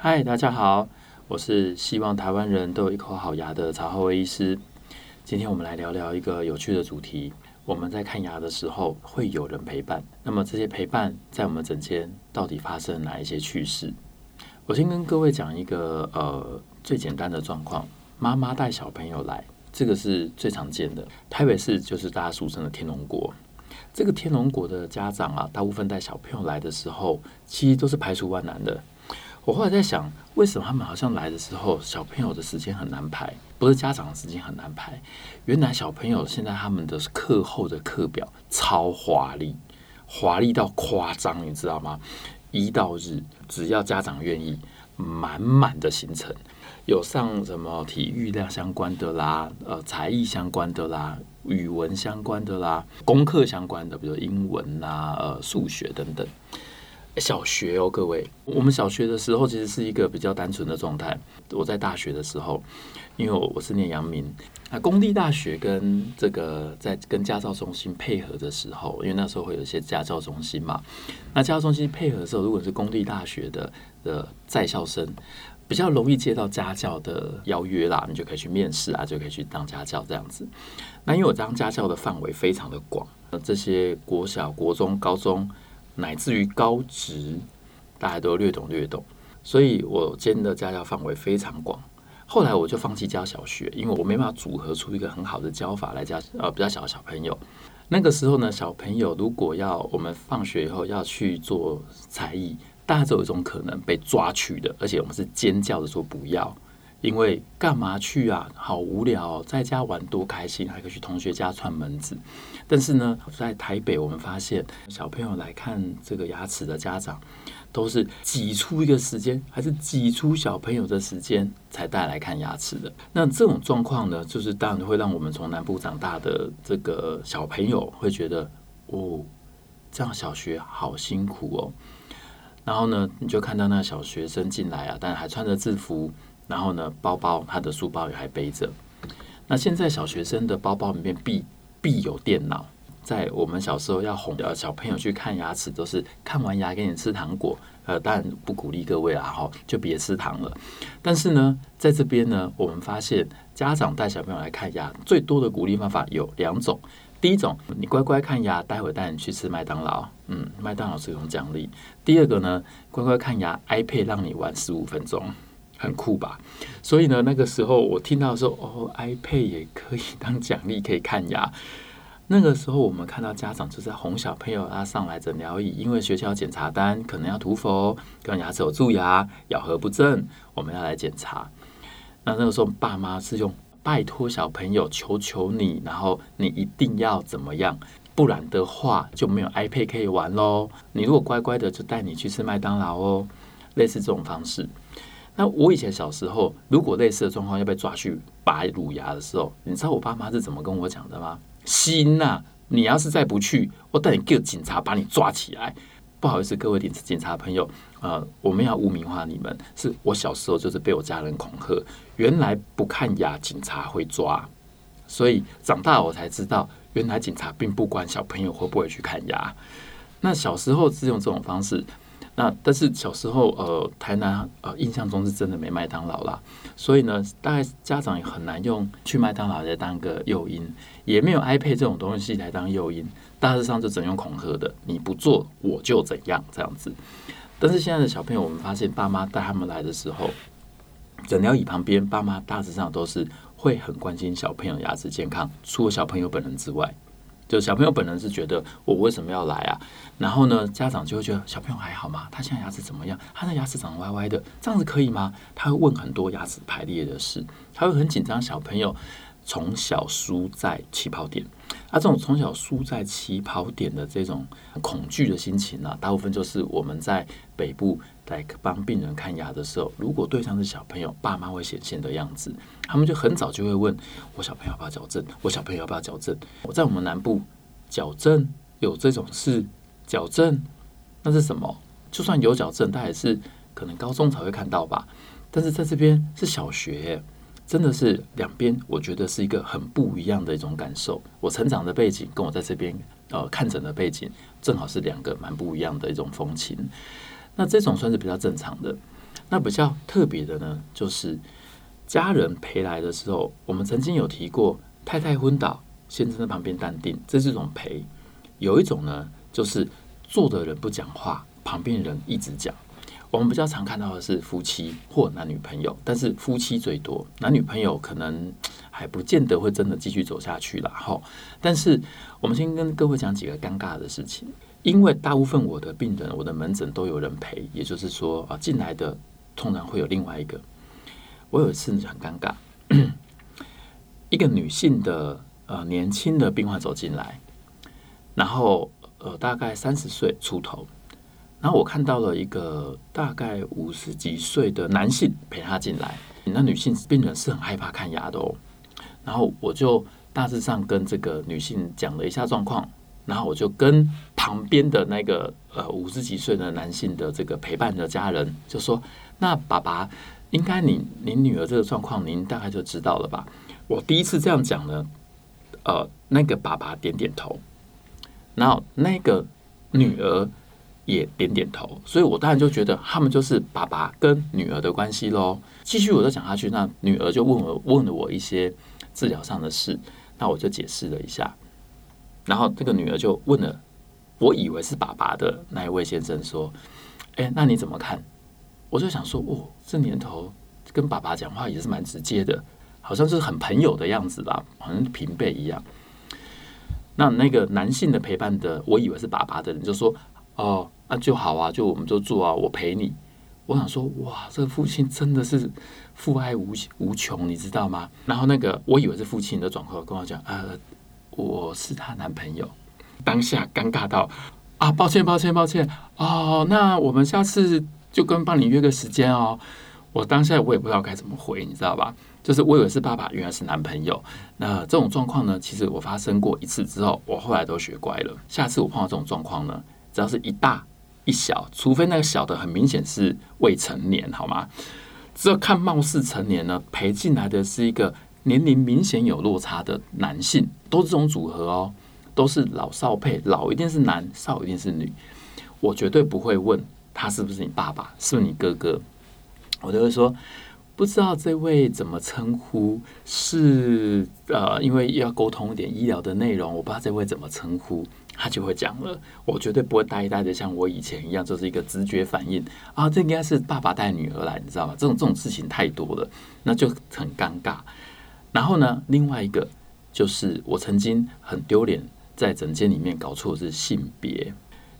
嗨，大家好，我是希望台灣人都有一口好牙的曹厚威醫師。今天我們來聊聊一個有趣的主題。我們在看牙的時候，會有人陪伴。那麼這些陪伴，在我們診間到底發生了哪一些趣事？我先跟各位講一個呃最簡單的狀況：媽媽帶小朋友來，這個是最常見的。台北市就是大家俗稱的天龍國。這個天龍國的家長啊，大部分帶小朋友來的時候，其實都是排除萬難的。我後來在想，為什麼他們好像來的時候，小朋友的時間很難排，不是家長的時間很難排。原來小朋友現在他們的課後的課表超華麗，華麗到誇張，你知道嗎？一到日，只要家長願意，滿滿的行程，有上什麼體育量相關的啦，呃，才藝相關的啦，語文相關的啦，功課相關的，比如說英文啊，呃，數學等等。小學哦，各位，我們小學的時候其實是一個比較單純的狀態。我在大學的時候，因為我我是念陽明，那公立大學跟這個在跟家教中心配合的時候，因為那時候會有一些家教中心嘛，那家教中心配合的時候，如果是公立大學的的在校生，比較容易接到家教的邀約啦，你就可以去面試啊，就可以去當家教這樣子。那因為我當家教的範圍非常的廣，那這些國小、國中、高中。乃至於高職，大家都略懂略懂，所以我兼的家教範圍非常廣。後來我就放棄教小學，因為我沒辦法組合出一個很好的教法來教呃比較小的小朋友。那個時候呢，小朋友如果要我們放學以後要去做才藝，大家都有一種可能被抓去的，而且我們是尖叫著說不要。因為幹嘛去啊？好無聊哦，在家玩多開心，還可以去同學家串門子。但是呢，在台北，我們發現小朋友來看這個牙齒的家長，都是擠出一個時間，還是擠出小朋友的時間才帶來看牙齒的。那這種狀況呢，就是當然會讓我們從南部長大的這個小朋友會覺得，哦，這樣小學好辛苦哦。然後呢，你就看到那小學生進來啊，但還穿着制服。然後呢，包包他的書包也還背着。那現在小學生的包包裡面必必有電腦。在我們小時候要哄呃小朋友去看牙齒，都是看完牙給你吃糖果。呃，當然不鼓勵各位啊，哈、哦，就別吃糖了。但是呢，在這邊呢，我們發現家長帶小朋友來看牙，最多的鼓勵方法有兩種。第一種，你乖乖看牙，待會帶你去吃麥當勞。嗯，麥當勞是一種獎勵。第二個呢，乖乖看牙，iPad 讓你玩十五分鐘。很酷吧？所以呢，那個時候我聽到說，哦，iPad 也可以當獎勵，可以看牙。那個時候我們看到家長就是在哄小朋友，他上來診療椅，因為學校檢查單可能要塗氟跟牙齒有蛀牙、咬合不正，我們要來檢查。那那個時候爸媽是用拜托小朋友，求求你，然後你一定要怎麼樣，不然的話就沒有 iPad 可以玩咯。你如果乖乖的，就帶你去吃麥當勞哦，類似這種方式。那我以前小時候，如果類似的狀況要被抓去拔乳牙的時候，你知道我爸媽是怎麼跟我講的嗎？心吶、啊，你要是再不去，我帶你給警察把你抓起來。不好意思，各位警警察朋友，啊、呃，我沒有要污名化你們。是我小時候就是被我家人恐嚇，原來不看牙警察會抓，所以長大了我才知道，原來警察並不管小朋友會不會去看牙。那小時候是用這種方式。那但是小時候，呃，台南呃，印象中是真的沒麥當勞啦，所以呢，大概家長也很難用去麥當勞來當個誘因，也沒有 iPad 這種東西來當誘因，大致上就只能用恐嚇的，你不做我就怎樣這樣子。但是現在的小朋友，我們發現爸媽帶他們來的時候，診療椅旁邊，爸媽大致上都是會很關心小朋友牙齒健康，除了小朋友本人之外。就小朋友本人是覺得我為什麼要來啊？然後呢，家長就會覺得小朋友還好嗎？他現在牙齒怎麼樣？他的牙齒長得歪歪的，這樣子可以嗎？他會問很多牙齒排列的事，他會很緊張。小朋友從小輸在起跑點，啊，這種從小輸在起跑點的這種恐懼的心情呢，啊，大部分就是我們在北部。在幫病人看牙的時候，如果對象是小朋友，爸媽會顯現的樣子，他們就很早就會問我小朋友要不要矯正，我小朋友要不要矯正。我在我們南部矯正有這種事，矯正那是什麼？就算有矯正，但還是可能高中才會看到吧。但是在這邊是小學欸，真的是兩邊，我覺得是一個很不一樣的一種感受。我成長的背景跟我在這邊呃看診的背景，正好是兩個蠻不一樣的一種風情。那這種算是比較正常的。那比較特別的呢，就是家人陪來的時候，我們曾經有提過太太昏倒，先生在旁邊淡定，這是一種陪。有一種呢，就是坐的人不講話，旁邊人一直講。我們比較常看到的是夫妻或男女朋友，但是夫妻最多，男女朋友可能還不見得會真的繼續走下去了哈。但是我們先跟各位講幾個尷尬的事情。因為大部分我的病人，我的門診都有人陪，也就是說啊，進來的通常會有另外一個。我有一次很尷尬，一個女性的呃年輕的病患走進來，然後呃大概三十歲出頭，然後我看到了一個大概五十幾歲的男性陪她進來。那女性病人是很害怕看牙的哦，然後我就大致上跟這個女性講了一下狀況。然後我就跟旁邊的那個呃五十幾歲的男性的這個陪伴的家人就說：“那爸爸，應該你您女兒這個狀況，您大概就知道了吧？”我第一次這樣講呢，呃，那個爸爸點點頭，然後那個女兒也點點頭，所以我當然就覺得他們就是爸爸跟女兒的關係嘍。繼續我就講下去，那女兒就問我問了我一些治療上的事，那我就解釋了一下。然後這個女兒就問了，我以為是爸爸的那一位先生說：“哎，那你怎麼看？”我就想說：“哦，這年頭跟爸爸講話也是蠻直接的，好像是很朋友的樣子吧，好像平輩一樣。”那那個男性的陪伴的，我以為是爸爸的人就說：“哦，那、啊、就好啊，就我們就住啊，我陪你。”我想說：“哇，這個父親真的是父愛無無窮，你知道嗎？”然後那個我以為是父親的轉頭跟我講：“啊、呃。”我是她男朋友，當下尷尬到啊，抱歉抱歉抱歉哦，那我們下次就跟幫你約個時間哦。我當下我也不知道該怎麼回，你知道吧？就是我以為是爸爸，原來是男朋友。那這種狀況呢，其實我發生過一次之後，我後來都學乖了。下次我碰到這種狀況呢，只要是一大一小，除非那個小的很明顯是未成年，好嗎？只有看貌似成年呢，陪進來的是一個。年齡明顯有落差的男性，都是這種組合哦，都是老少配，老一定是男，少一定是女。我絕對不會問他是不是你爸爸，是不是你哥哥，我就會說，不知道這位怎麼稱呼，是呃，因為要溝通一點醫療的內容，我不知道這位怎麼稱呼，他就會講了。我絕對不會呆呆的，像我以前一樣，就是一個直覺反應啊，這應該是爸爸帶女兒來，你知道嗎？這種這種事情太多了，那就很尷尬。然後呢，另外一個就是我曾經很丟臉，在診間裡面搞錯是性別，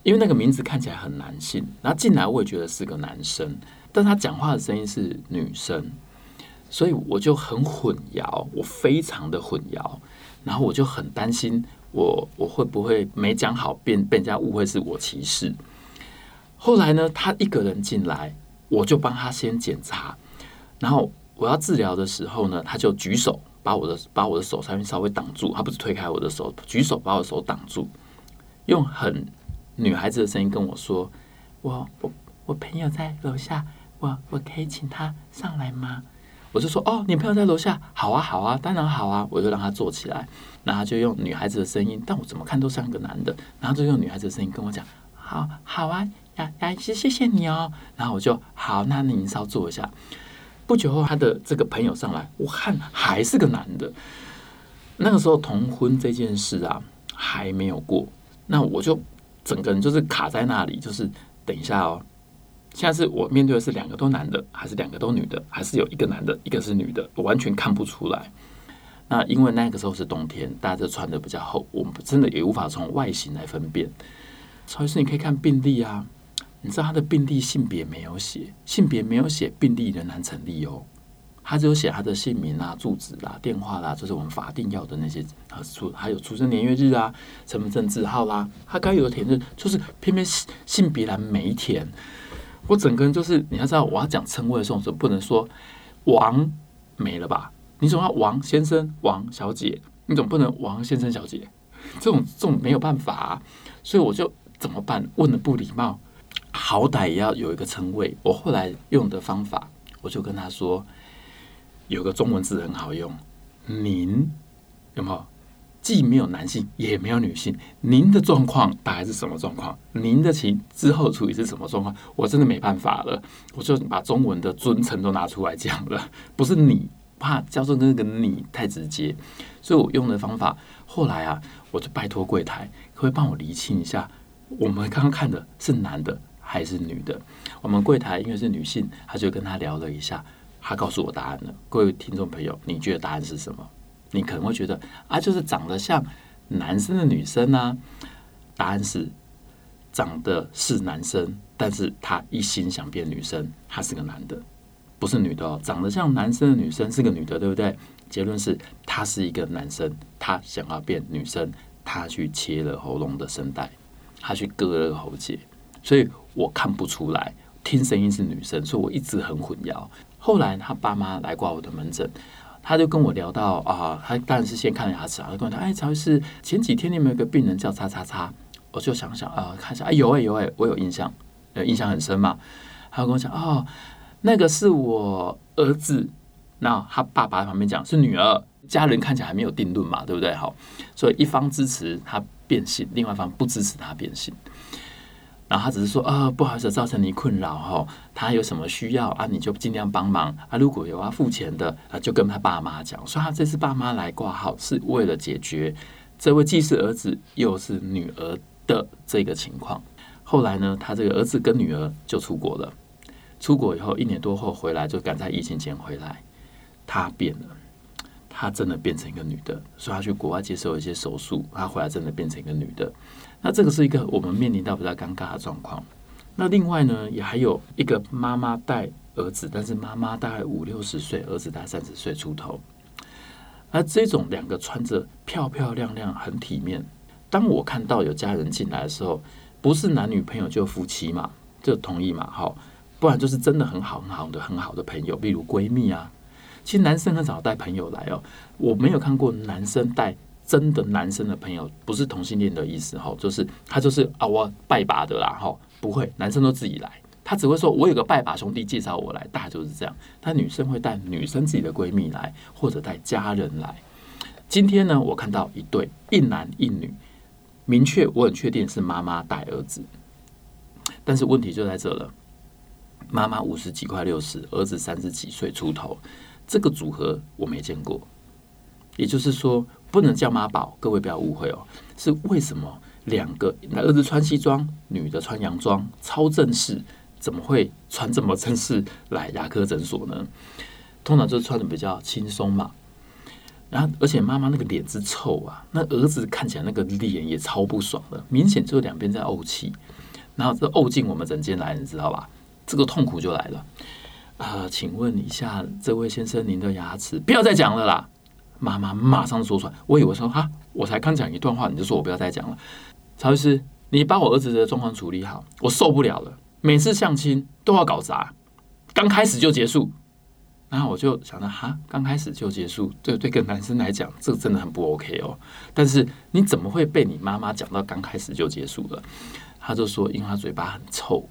因為那個名字看起來很男性。然後進來我也覺得是個男生，但他講話的聲音是女生，所以我就很混淆，我非常的混淆。然後我就很擔心我，我我會不會沒講好，被被人家誤會是我歧視。後來呢，他一個人進來，我就幫他先檢查，然後。我要治療的時候呢，他就舉手把我的把我的手上面稍微擋住，他不是推開我的手，舉手把我的手擋住，用很女孩子的聲音跟我說：“我我我朋友在樓下，我我可以請他上來嗎？”我就說：“哦，你朋友在樓下，好啊，好啊，當然好啊。”我就讓他坐起來，然後就用女孩子的聲音，但我怎麼看都像個男的，然後就用女孩子的聲音跟我講：“好，好啊，來，謝謝你哦。”然後我就好，那你稍微坐一下。不久後，他的這個朋友上來，我看還是個男的。那個時候同婚這件事啊還沒有過，那我就整個人就是卡在那裡，就是等一下哦。現在我面對的是兩個都男的，還是兩個都女的，還是有一個男的，一個是女的，我完全看不出來。那因為那個時候是冬天，大家都穿得比較厚，我們真的也無法從外形來分辨。曹醫生，你可以看病歷。啊你知道他的病歷性別沒有寫，性別沒有寫，病歷仍然成立哦。他只有寫他的姓名啦、啊、住址啦、啊、電話啦、啊，就是我們法定要的那些啊，出還有出生年月日啊、身份證字號啦、啊，他該有的填字就是偏偏性別欄沒填。我整個人就是你要知道，我要講稱謂的時候，我總不能說王沒了吧？你總要王先生、王小姐，你總不能王先生小姐，這種這種沒有辦法、啊，所以我就怎麼辦？問得不禮貌。好歹也要有一個稱謂。我後來用的方法，我就跟他說，有個中文字很好用，您有沒有？既沒有男性，也沒有女性。您的狀況大概是什麼狀況？您的情之後處於是什麼狀況？我真的沒辦法了，我就把中文的尊稱都拿出來講了。不是你，怕教授那個你太直接，所以我用的方法，後來啊，我就拜托櫃檯可，可以幫我釐清一下，我們剛剛看的是男的，還是女的，我們櫃檯因為是女性，他就跟他聊了一下，他告訴我答案了。各位聽眾朋友，你覺得答案是什麼？你可能會覺得啊，就是長得像男生的女生呢、啊，答案是長得是男生，但是他一心想變女生，他是個男的，不是女的哦。長得像男生的女生是個女的，對不對？結論是，他是一個男生，他想要變女生，他去切了喉嚨的聲帶，他去割了喉結，所以。我看不出來，聽聲音是女生，所以我一直很混淆。後來他爸媽來掛我的門診，他就跟我聊到啊、呃，他當然是先看牙齒啊。他跟我講，哎，曹醫師，前幾天你們有個病人叫叉叉叉，我就想想啊、呃，看一下，哎，有哎、欸、有哎、欸，我有印象、嗯，印象很深嘛。他就跟我講，哦，那個是我兒子，那他爸爸在旁邊講是女兒，家人看起來還沒有定論嘛，對不對？好，所以一方支持他變性，另外一方不支持他變性。然後他只是說啊，不好意思，造成你困擾哦。他有什麼需要啊，你就盡量幫忙啊。如果有要、啊、付錢的啊，就跟他爸媽講，說他這次爸媽來掛號是為了解決這位既是兒子又是女兒的這個情況。後來呢，他這個兒子跟女兒就出國了。出國以後一年多後回來，就趕在疫情前回來，他變了。他真的變成一個女的，所以他去國外接受一些手術，他回來真的變成一個女的。那這個是一個我們面臨到比較尷尬的狀況。那另外呢，也還有一個媽媽帶兒子，但是媽媽大概五六十歲，兒子大概三十歲出頭。那這種兩個穿着漂漂亮亮、很體面，當我看到有家人進來的時候，不是男女朋友就夫妻嘛，就同意嘛，哈，不然就是真的很好很好的很好的朋友，例如閨蜜啊。其實男生很少帶朋友來哦、喔，我沒有看過男生帶真的男生的朋友，不是同性戀的意思哈，就是他就是啊，我拜把的啦哈，不會，男生都自己來，他只會說我有個拜把兄弟介紹我來，大概就是這樣。他女生會帶女生自己的閨蜜來，或者帶家人來。今天呢，我看到一對一男一女，明確我很確定是媽媽帶兒子，但是問題就在這了，媽媽五十幾快六十，兒子三十幾歲出頭。這個組合我沒見過，也就是說不能叫媽寶，各位不要誤會哦。是為什麼兩個那兒子穿西裝，女的穿洋裝，超正式，怎麼會穿這麼正式來牙科診所呢？通常就是穿得比較輕鬆嘛。然後，而且媽媽那個臉是臭啊，那兒子看起來那個臉也超不爽的，明顯就是兩邊在慪氣。然後這慪進我們診間來，你知道吧？這個痛苦就來了。啊、呃，請問一下，這位先生，您的牙齒，不要再講了啦！媽媽馬上說出來，我以為說哈，我才剛講一段話，你就說我不要再講了。曹律師，你把我兒子的狀況處理好，我受不了了。每次相親都要搞砸，剛開始就結束。然後我就想着哈，剛開始就結束，對對個男生來講，這真的很不 OK 哦。但是你怎麼會被你媽媽講到剛開始就結束了？他就說，因為他嘴巴很臭，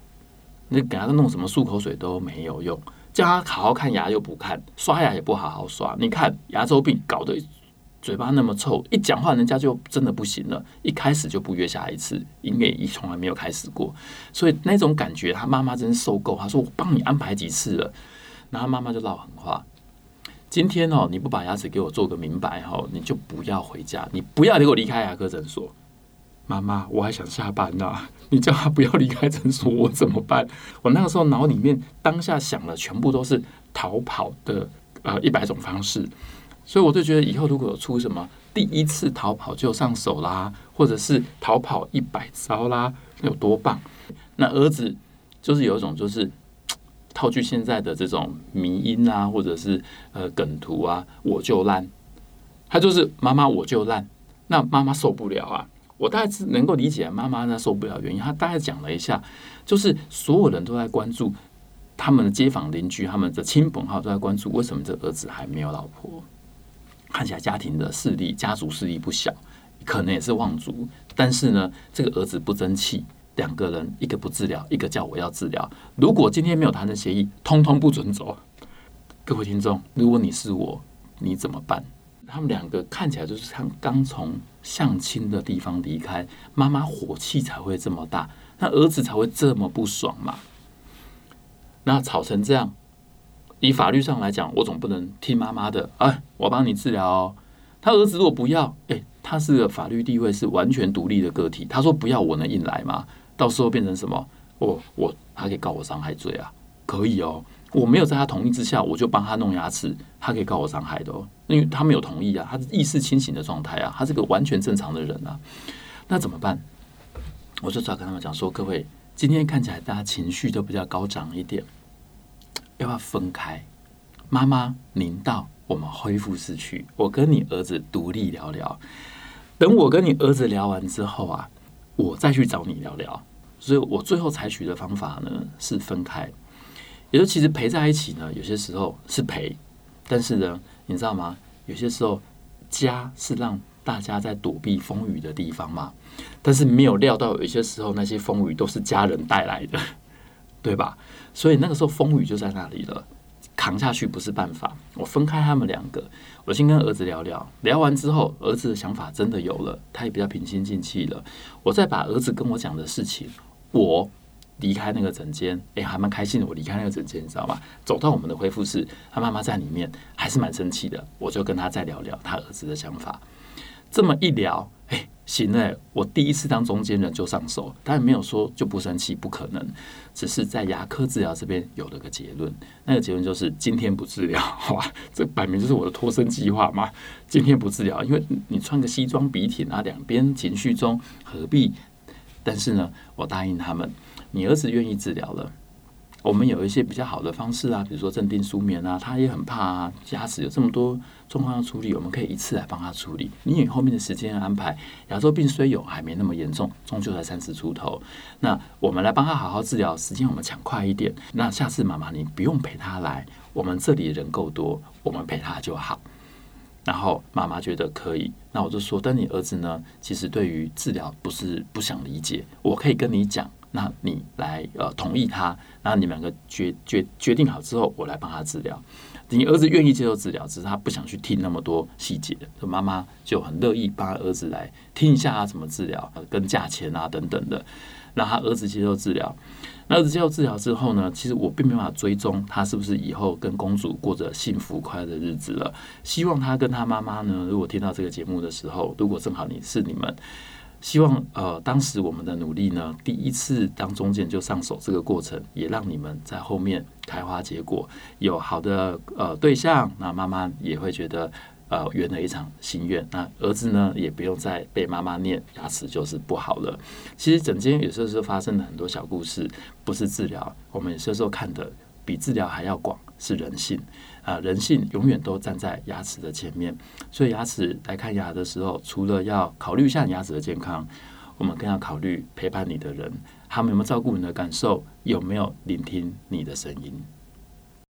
那給他弄什麼漱口水都沒有用。叫他好好看牙又不看，刷牙也不好好刷。你看牙周病搞得嘴巴那麼臭，一講話人家就真的不行了。一開始就不約下一次，因為從來沒有開始過，所以那種感覺他媽媽真受夠。他說：“我幫你安排幾次了。”然後媽媽就撂狠話：“今天哦，你不把牙齒給我做個明白哦，你就不要回家，你不要給我離開牙科診所。”媽媽，我還想下班呢、啊。你叫他不要離開診所，我怎麼辦？我那個時候腦裡面當下想的全部都是逃跑的呃一百種方式，所以我就覺得以後如果有出什麼第一次逃跑就上手啦，或者是逃跑一百招啦，有多棒？那兒子就是有一種就是套句現在的這種迷因啊，或者是呃梗圖啊，我就爛。他就是媽媽我就爛，那媽媽受不了啊。我大致能夠理解媽媽那受不了原因，他大概講了一下，就是所有人都在關注他們的街坊鄰居、他們的親朋好友都在關注為什麼這兒子還沒有老婆。看起來家庭的勢力、家族勢力不小，可能也是望族，但是呢，這個兒子不爭氣，兩個人一個不治療，一個叫我要治療。如果今天沒有談成協議，通通不准走。各位聽眾，如果你是我，你怎麼辦？他們兩個看起來就是像剛從相親的地方離開，媽媽火氣才會這麼大，那兒子才會這麼不爽嘛。那吵成這樣，以法律上來講，我總不能聽媽媽的啊，哎，我幫你治療，哦。他兒子如果不要，哎，他是個法律地位是完全獨立的個體，他說不要，我能硬來嗎？到時候變成什麼？哦，我他可以告我傷害罪啊，可以哦。我沒有在他同意之下，我就幫他弄牙齒，他可以告我傷害的哦，因為他沒有同意啊，他是意識清醒的狀態啊，他是個完全正常的人啊，那怎麼辦？我就找跟他們講說，各位今天看起來大家情緒都比較高漲一點，要不要分開？媽媽，您到我們恢復室去，我跟你兒子獨立聊聊。等我跟你兒子聊完之後啊，我再去找你聊聊。所以我最後採取的方法呢，是分開。也就其實陪在一起呢，有些時候是陪，但是呢，你知道嗎？有些時候家是讓大家在躲避風雨的地方嘛，但是沒有料到，有些時候那些風雨都是家人帶來的，對吧？所以那個時候風雨就在那裡了，扛下去不是辦法。我分開他們兩個，我先跟兒子聊聊，聊完之後，兒子的想法真的有了，他也比較平心靜氣了。我再把兒子跟我講的事情，我。離開那個診間，哎、欸，還蠻開心的。我離開那個診間，你知道嗎？走到我們的恢復室，他媽媽在裡面，還是蠻生氣的。我就跟他再聊聊他兒子的想法。這麼一聊，哎、欸，行嘞、欸。我第一次當中間人就上手，但也沒有說就不生氣，不可能。只是在牙科治療這邊有了個結論，那個結論就是今天不治療，哇，這擺明就是我的脫身計劃嘛。今天不治療，因為你穿個西裝筆挺、啊，那兩邊情緒中何必？但是呢，我答應他們。你兒子願意治療了，我們有一些比較好的方式啊，比如說鎮定、舒眠啊，他也很怕啊，牙齒有這麼多狀況要處理，我們可以一次來幫他處理。你以後面的時間安排，牙周病雖有，還沒那麼嚴重，終究在三十出頭，那我們來幫他好好治療，時間我們搶快一點。那下次媽媽，你不用陪他來，我們這裡人夠多，我們陪他就好。然後媽媽覺得可以，那我就說，但你兒子呢？其實對於治療不是不想理解，我可以跟你講。那你來呃，同意他，那你們兩個決決決定好之後，我來幫他治療。你兒子願意接受治療，只是他不想去聽那麼多細節。媽媽就很樂意幫兒子來聽一下他，啊、怎麼治療，呃，跟價錢啊等等的，那他兒子接受治療。那兒子接受治療之後呢，其實我並沒辦法追蹤他是不是以後跟公主過着幸福快樂的日子了。希望他跟他媽媽呢，如果聽到這個節目的時候，如果正好你是你們。希望呃，當時我們的努力呢，第一次當中介就上手這個過程，也讓你們在後面開花結果，有好的呃對象，那媽媽也會覺得呃圓了一場心願，那兒子呢也不用再被媽媽念牙齒就是不好了。其實診間有時候是發生了很多小故事，不是治療，我們有時候看的比治療還要廣，是人性。啊，人性永遠都站在牙齒的前面，所以牙齒來看牙的時候，除了要考慮一下你牙齒的健康，我們更要考慮陪伴你的人，他們有沒有照顧你的感受，有沒有聆聽你的聲音。